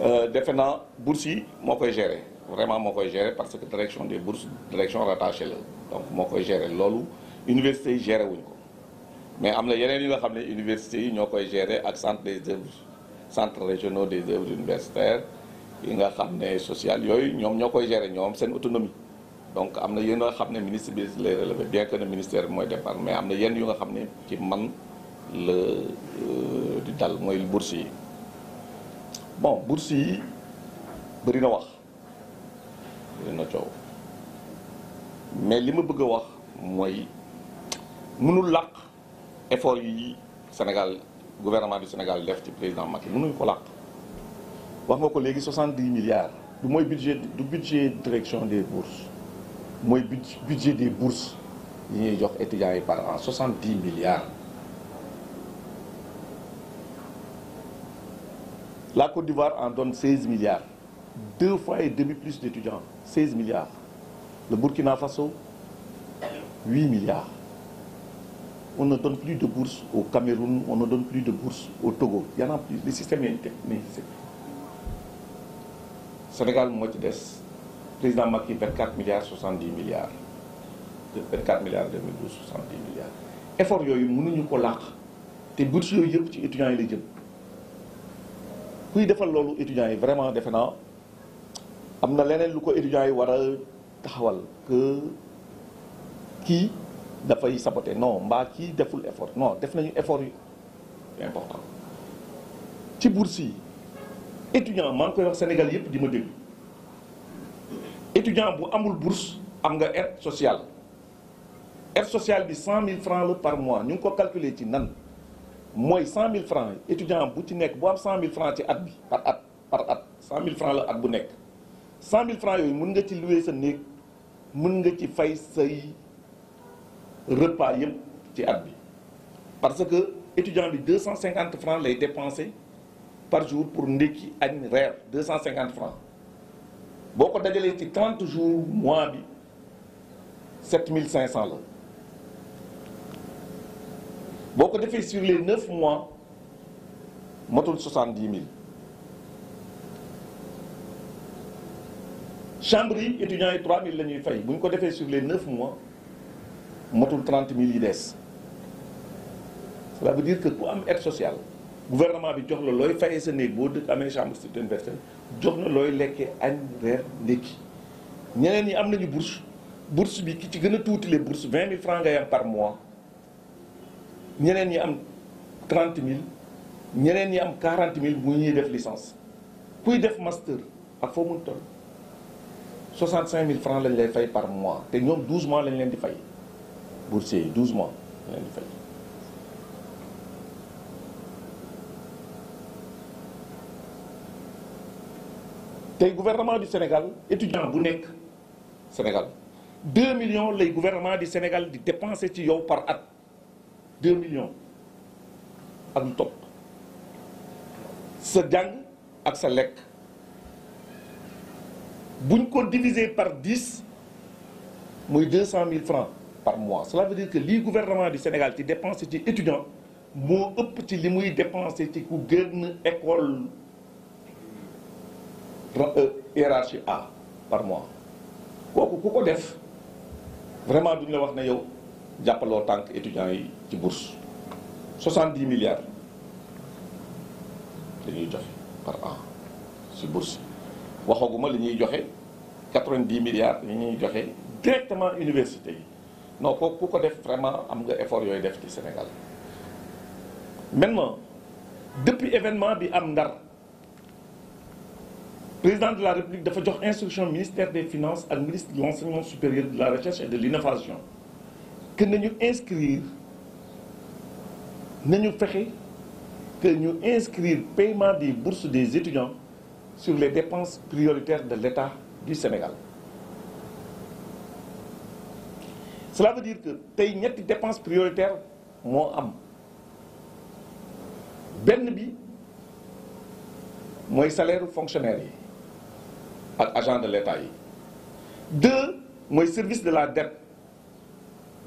Euh, défendant naa je yi moo gérer vraiment je le gérer parce que la direction des bourses direction rattachée la donc je koy gérer L'université université gérer wuñ ko mais il y a des nga qui ne université yi gérer ak centre des œuvres centre régionaux des œuvres universitaires yi nga ne social ils ont ñoo koy gérer autonomie donc il y a des xam ne ministre les bien que le ministère soit pas départ mais il y a des nga qui ne ci man boursier. Euh, di bon bourse yi bëri wax bëri na coow mais li ma bëgg a wax mooy mënul làq effort yi Sénégal gouvernement du Sénégal def ci président Macky mënuñu ko làq wax nga ko léegi 70 milliards du mooy budget du budget direction des bourses mooy budget des bourses yi ñuy jox étudiants yi par an 70 milliards La Côte d'Ivoire en donne 16 milliards. Deux fois et demi plus d'étudiants, 16 milliards. Le Burkina Faso, 8 milliards. On ne donne plus de bourses au Cameroun, on ne donne plus de bourses au Togo. Il y en a plus, le système est inexistant. Sénégal, moitié Dess Président Macky, 24 milliards, 70 milliards. 24 milliards 2012, 70 milliards. Effort, il y a eu, il y a eu, il y a eu, il y kuy defal loolu étudiants yi vraiment defe naa am na leneen lu ko étudiants yi war a taxawal que kii dafay saboter no mbaa kii deful effort non def nañu effort yi important ci bourse yi étudiant maa ngi koy wax Sénégal yëpp di ma déglu étudiant bu amul bourse am nga aide sociale aide sociale bi cent mille francs la par mois ñu ngi ko calculer ci nan Moi, 100 000 francs étudiant boutique 100 000 francs ci at par 100 000 francs la at 100 000 francs il mën nga ci repas parce que étudiant 250 francs lay dépenser par jour pour ndeki ak 250 francs boko a ci 30 jours mois bi 7500 francs on fait sur les 9 mois on a 70 000. chambre étudiant 3 000 000. sur les 9 mois on a 30 cela veut dire que pour être aide sociale gouvernement a jox la chambre que Nous avons une bourse bourse bi les bourses 20 francs par mois nous ñi am 30 000 Nous ñi am 40 000 pour ñuy def licence puis def master à foo 65 000 francs lañ lay par mois te ñoom 12 mois lañ leen di 12 mois lañ di fay. gouvernement du Sénégal étudiant bu nekk Sénégal 2 millions lay gouvernement du Sénégal di dépenser ci par at. 2 millions. à top. Ce gang et lek. Si on divise par 10, c'est 200 000 francs par mois. Cela veut dire que le gouvernement du Sénégal qui dépense des étudiants, c'est ce dépense écoles l'école euh, hiérarchie A par mois. quest Vraiment, on ne va pas jàppaloo tànk étudiants yi ci bourse 70 milliards dañuy par an sur bourse waxaguma li 90 milliards directement université yi non ko ko def vraiment am nga effort yooyu def ci Sénégal maintenant depuis événement bi am ndar président de la République dafa jox instruction ministère des finances ak ministre de l'enseignement supérieur de la recherche et de l'innovation que nous inscrire nous que nous inscrire paiement des bourses des étudiants sur les dépenses prioritaires de l'État du Sénégal cela veut dire que tay dépenses prioritaires mo am Ben salaire fonctionnaire agent de l'État yi deux le service de la dette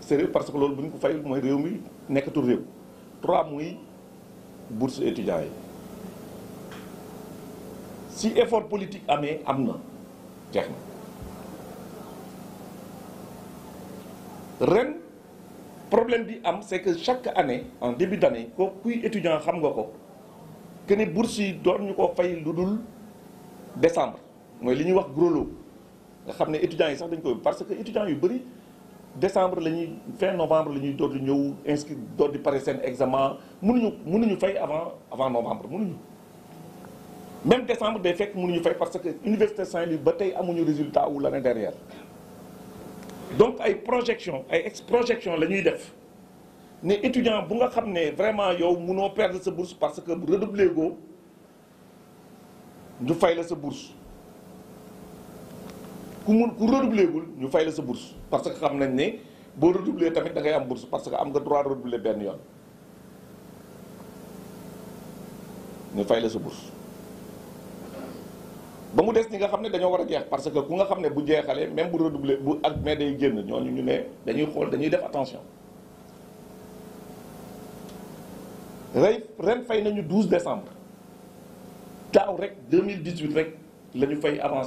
sérieux parce que loolu bu ñu ko fayul mooy réew mi nekkatul réew trois muy bourse étudiants yi si effort politique amee am na jeex na ren problème bi am c'est que chaque année en début d'année ko kuy étudiant xam nga ko que ni yi doon ñu ko fay lu dul décembre mooy li ñuy wax gros lot nga xam ne étudiants yi sax dañ koy parce que étudiants yu bari décembre fin novembre nous avons door ñëw inscrit door di examen, examen mënuñu mënuñu fay avant avant novembre mënuñu même décembre day fekk mënuñu fay parce que l'Université Saint-Louis ba tey amuñu résultat l'année dernière donc ay projection ay ex projection lañuy def né étudiant bu nga xamné vraiment yow mëno perdre sa bourse parce que redoubler go ñu fay la sa bourse ku mun ku redoubler gul ñu fay la sa bourse parce que xam nañ ne boo redoubler tamit da ngay am bourse parce que am nga droit redoubler benn yoon ñu fay la sa bourse ba mu des ñi nga xam ne dañoo war a jeex parce que ku nga xam ne bu jeexale même bu redoubler bu ak mais day génn ñooñu ñu ne dañuy xool dañuy def attention rey ren fay nañu 12 décembre daaw rek 2018 rek la fay avant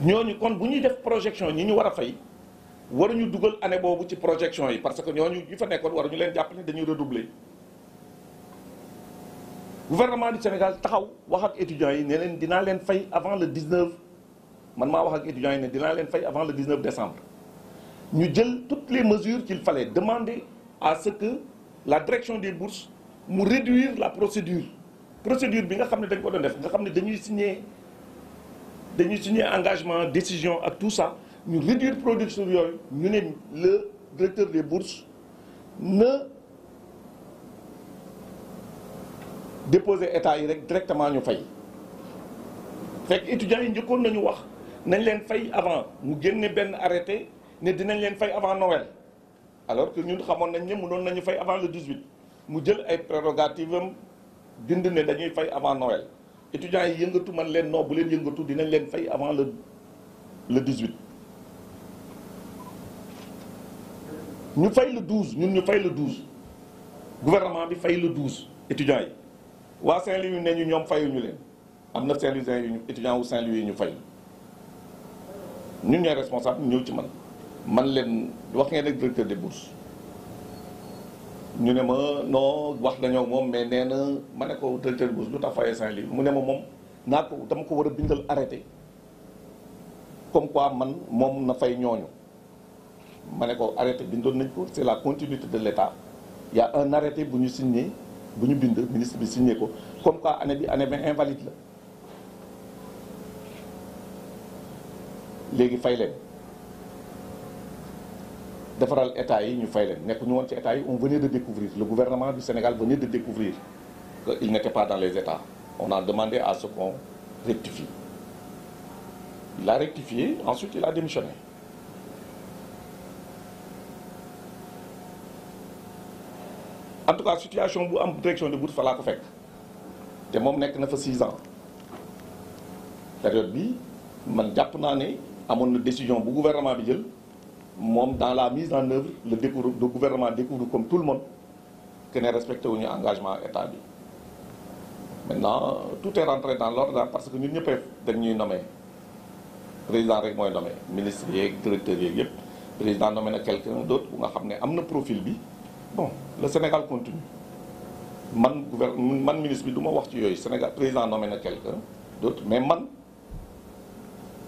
ñooñu kon bu ñuy def projection ñi ñu war a fay waruñu dugal année boobu ci projection yi parce que ñooñu ñu fa nekkoon waruñu leen jàpp ne dañuy redoubler gouvernement du Sénégal taxaw wax ak étudiants yi ne leen dinaa leen fay avant le 19 man maa wax ak étudiants yi ne dinaa leen fay avant le 19 décembre ñu jël toutes les mesures qu'il fallait demander à ce que la direction des bourses mu réduire la procédure procédure bi nga xam ne dañ ko doon def nga xam ne dañuy signer nous signer engagement décision ak tout ça nous réduire production yooyu ñu sommes le directeur des bourses ne déposer état yi rek directement ñu fay fekk étudiants yi njëkkoon nañu wax nañ leen fay avant Nous, nous ben arrêté nous dinañ leen avant Noël alors que nous avons nañ ne mënoon nañu fay avant le 18 Nous jël ay prérogatives nous avons ne dañuy avant Noël étudiants yi man leen no bu leen yëngatu dinañ leen fay avant le le 18 ñu fay le 12 ñun ñu fay le 12 gouvernement bi fay le 12 étudiants yi à Saint-Louis neñu ñom ont fayuñu leen à saint louis ñu étudiants wu Saint-Louis ñu fay ñun fait responsable ñew ci man man leen wax directeur des bourses. ñu ne ma non wax nañoo moom mais nee na ma ne ko directeur bouse lu tax fayee saint livre mu ne ma moom naa ko dama ko war a bindal arrêté comme quoi man moom na fay ñooñu ma ne ko arrêté bindoon nañ ko c' est la continuité de l' état il y a un arrêté bu ñu signé bu ñu bind ministre bi signé ko comme quoi année bi année bi invalide la léegi fay leen yi ñu on venait de découvrir le gouvernement du Sénégal venait de découvrir qu'il n'était pas dans les états on a demandé à ce qu'on rectifie il a rectifié ensuite il a démissionné en tout cas situation bu am direction de bout fa Il ko fek na fa 6 ans période bi man décision bu gouvernement dans la mise en œuvre le gouvernement découvre comme tout le monde que nous respecté l'engagement engagement état maintenant tout est rentré dans l'ordre hein, parce que nous pouvons pas nommer. Le président rek mooy nommé ministre le directeur le président nommé quelqu'un d'autre bu nga xam profil bon le Sénégal continue man gouvernement man ministre bi du wax Sénégal président nommé quelqu'un d'autre mais man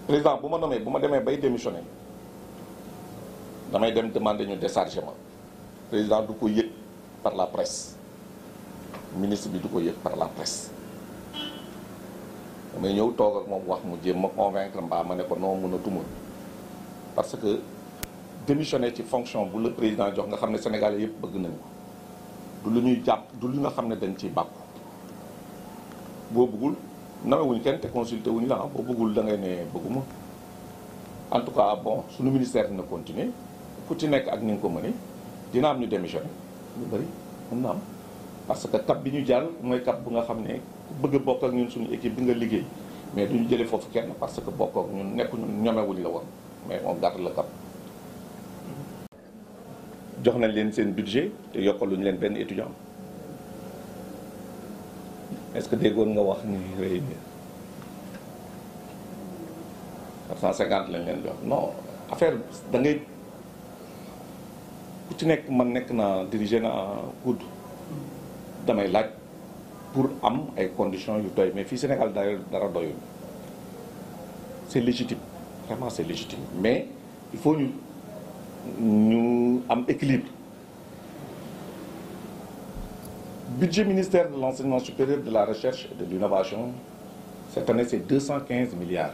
président pour moi nommé pour démissionné damay dem demander ñu déchargement président du ko par la presse ministre bi du ko par la presse damay ñëw toog ak mom wax mu jëm ma convaincre mbaa ma ne ko non tuma parce que démissionner ci fonction bu le président jox nga xamné sénégalais yépp bëgg nañ ko du lu ñuy japp du lu nga xamné dañ ci bàkku bo bëggul nawewuñ kenn té consulté wuñu la bo bëggul da ngay né bëgguma en tout cas bon suñu ministère dina continuer ku ci nekk ak ni nga ko mënee dina am ñu démissionné ñu bëri mën na am parce que cap bi ñu jàll mooy cap bu nga xam ne bëgg a bokk ñun suñu équipe bi nga liggéey mais du ñu jëlee foofu kenn parce que bokk ak ñun nekku ñun ñomewuñ la woon mais on garde le cap jox nañ leen seen budget te yokkaluñ leen benn étudiant est-ce que déggoon nga wax ni réuni 450 lañ leen jox non affaire da pour am conditions mais Sénégal c'est légitime vraiment c'est légitime mais il faut nous, équilibrer. Le équilibre budget ministère de l'enseignement supérieur de la recherche et de l'innovation cette année c'est 215 milliards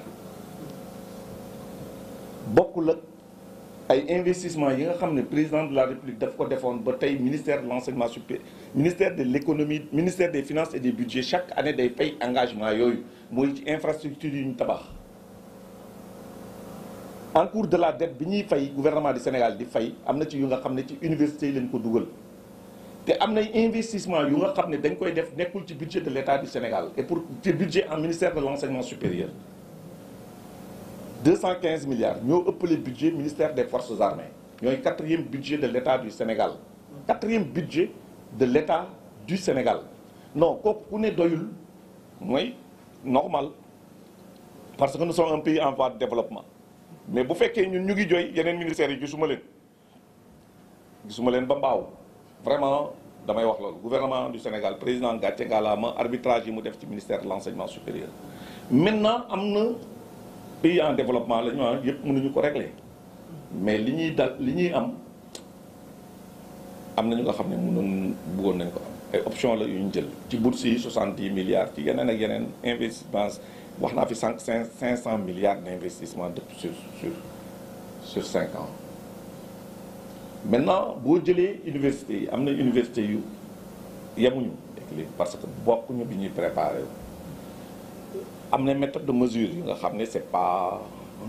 Beaucoup ay investissement yi nga xamné président de la république daf ko ba ministère de l'Enseignement supérieur ministère de l'économie, ministère des finances et des budgets chaque année day fay engagement yooyu mooy ci infrastructure infrastructures ñu tabax en cours de la dette bi gouvernement du Sénégal di fay amna ci yu nga xamné ci université yi ko Il té amna investissement yu nga xamné dañ koy def budget de l'État du Sénégal et pour ci budget en ministère de l'Enseignement supérieur 215 milliards nous pour le budget ministère des forces armées le quatrième budget de l'état du Sénégal quatrième budget de l'état du Sénégal non on est doyul normal parce que nous sommes un pays en voie de développement mais bu fekkee ñun ñu ngi jooy yeneen ministères yi gisuma leen gisuma sommes ba mbaaw vraiment wax gouvernement du Sénégal le président Gatégala, l'arbitrage arbitrage yi ministère de l'enseignement supérieur maintenant nous pays en développement la ñu wax ah yëpp mënuñu ko régler mais li ñuy dal li ñuy am am na ñu nga xam ne mënoon buggoon nañ ko am ay option la yu ñu jël ci bourse yi soixante-dix milliards ci yeneen ak yeneen investissement wax naa fi cinq cinq cent milliards d'investissement de sur sur sur cinq ans maintenant boo jëlee université yi am na université yu yemuñu parce que bokkuñu bi ñuy préparé am na méthode de mesure yu nga xam ne c'est pas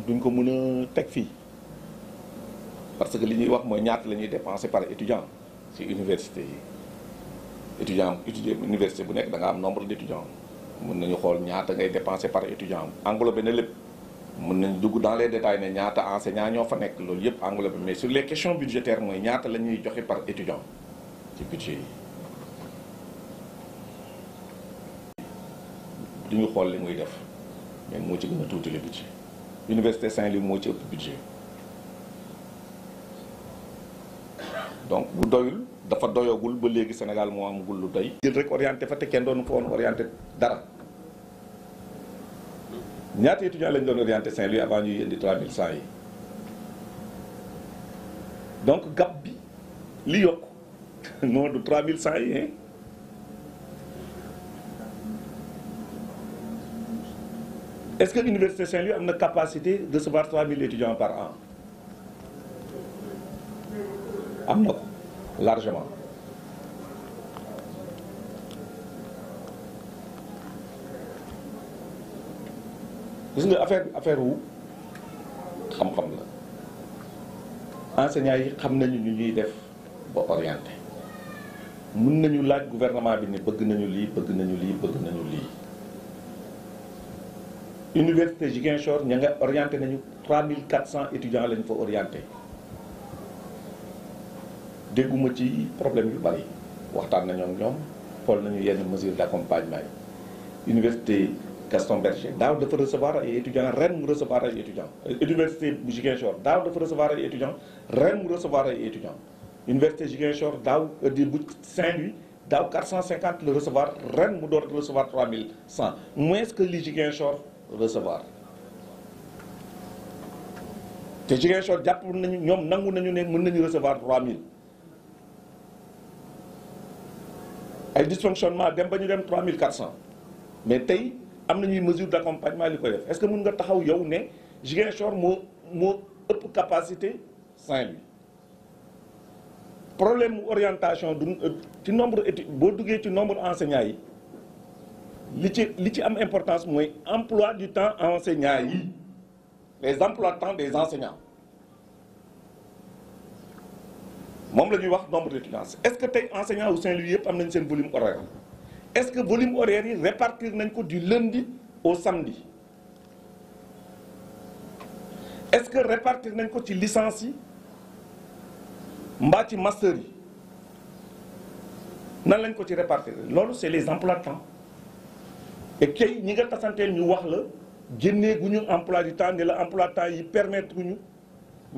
duñ ko mën teg fii parce que li ñuy wax mooy ñaata la ñuy dépenser par étudiant ci université yi étudiant étudiant université bu nekk da nga am nombre d'étudiants mën nañu xool ñaata ngay dépenser par étudiant englobé na lépp mun nañ dugg dans les détails ne ñaata enseignants ñoo fa nekk loolu yëpp englobé mais sur les questions budgétaires mooy ñaata la ñuy joxe par étudiant ci budget yi du ñu xool li muy def mais moo ci gën a tuuti le budget université Saint-Louis moo ci ëpp budget donc bu doyul dafa doyagul ba léegi Sénégal moo amagul lu doy. jël rek orienté fa te kenn doonu fa woon orienté dara ñaata étudiants lañ doon orienté Saint-Louis avant ñuy indi 3100 yi donc gap bi li yokk non du 3100 yi. est-ce que l'université Saint-Louis a une capacité de recevoir 3000 étudiants par an largement Vous affaire affaire wu xam-xam la enseignants yi xam orienté mën nañu laaj gouvernement nous ni bëgg nañu bëgg nañu université Ziguinchor nous avons orienté nañu 3400 étudiants lañu fa orienté dégguma ci problème yu bari nous avons des ñoom xool nañu yenn mesure d'accompagnement université Gaston Berger daaw de recevoir ay étudiants Rennes mu recevoir ay étudiants université bu Ziguinchor daaw de recevoir ay étudiants Rennes mu recevoir ay étudiants université Ziguinchor daaw euh, di bu Saint-Louis daaw 450 le recevoir Rennes mu door recevoir 3100 moins que li recevoir te Ziguinchor jàpp nañu ñoom nangu nañu recevoir mën nañu recevoir 3000 ay dysfonctionnement dem ba ñu dem 3400 mais tay am nañuy mesure d'accompagnement def est ce que mën nga taxaw yow ne Ziguinchor mo mo ëpp capacité 5000 problème orientation du euh, ci nombre étude boo ci nombre d'enseignants, yi li ci l'emploi importance du temps enseignant les emplois de temps des enseignants vais vous wax nombre d'étudiants est-ce que les enseignants au Saint-Louis yëpp am nañ volume horaire est-ce que le volume horaire est réparti du lundi au samedi est-ce que répartir nañ ko ci licence yi mbaa ci master yi nan lañ ko ci répartir réparti c'est les emplois de temps et qui ñi nga tasanteel ñu wax la génnee gu emploi du temps ne la emploi temps yi permettre ñu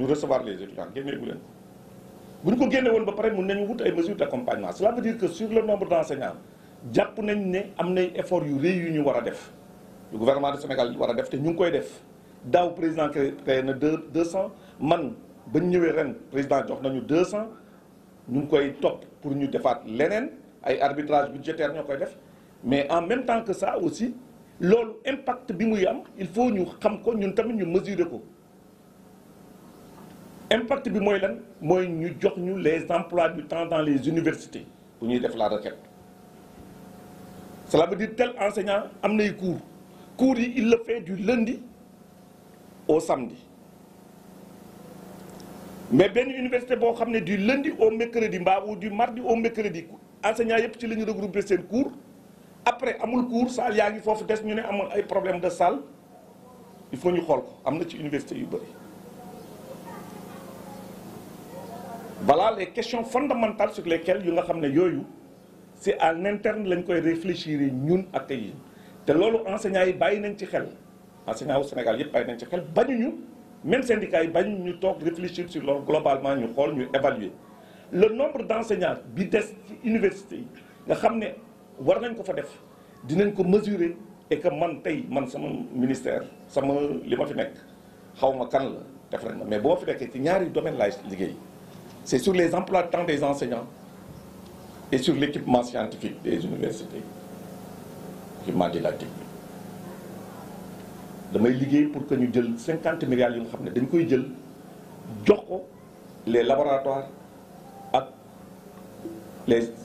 recevoir les étudiants Si gu leen bu ñu ko génne ba mesures d'accompagnement. cela veut dire que sur le nombre d'enseignants, il y nañ des efforts effort yu def le gouvernement du Sénégal wara a def te ñu ngi koy def président créé na 200. man président jox nañu 200. Nous ñu ngi koy pour ñu defaat leneen ay arbitrage budgétaire ñoo koy def mais en même temps que ça aussi l'impact impact bi il faut que nous nous ñun nous ñu mesurer ko impact bi c'est lan nous ñu les emplois du temps dans les universités pour ñuy la requête cela veut dire tel enseignant am nay cours cours il le fait du lundi au samedi mais bien université boo ramener du lundi au mercredi ou du mardi au mercredi enseignant yëpp ci ñu regroupé ces cours après amul cours salle yaa ngi foofu des ñu né amul ay problème de salle il faut ñu xool amna ci université yu bari voilà les questions fondamentales sur lesquelles yu nga xamné yoyu c'est à l'interne lañ koy réfléchir ñun ak yi te loolu enseignants yi bàyyi nañ ci xel enseignants au Sénégal yépp bàyyi nañ ci xel bañu ñu même syndicat yi bañu ñu tok réfléchir sur loolu globalement ñu xol ñu évaluer le nombre d'enseignants bi dess ci université yi nga xamné war nañ ko fa def dinañ ko mesurer et que man tey man sama ministère sama li ma fi nekk xawma kan la def nañ ma mais boo fi nekkee ci ñaari domaine laay liggéey c'est sur les emplois de temps des enseignants et sur l'équipement scientifique des universités équipement didactique bi damay liggéey pour que ñu jël 50 milliards yu nga xam ne dañ koy jël jox ko les laboratoires ak les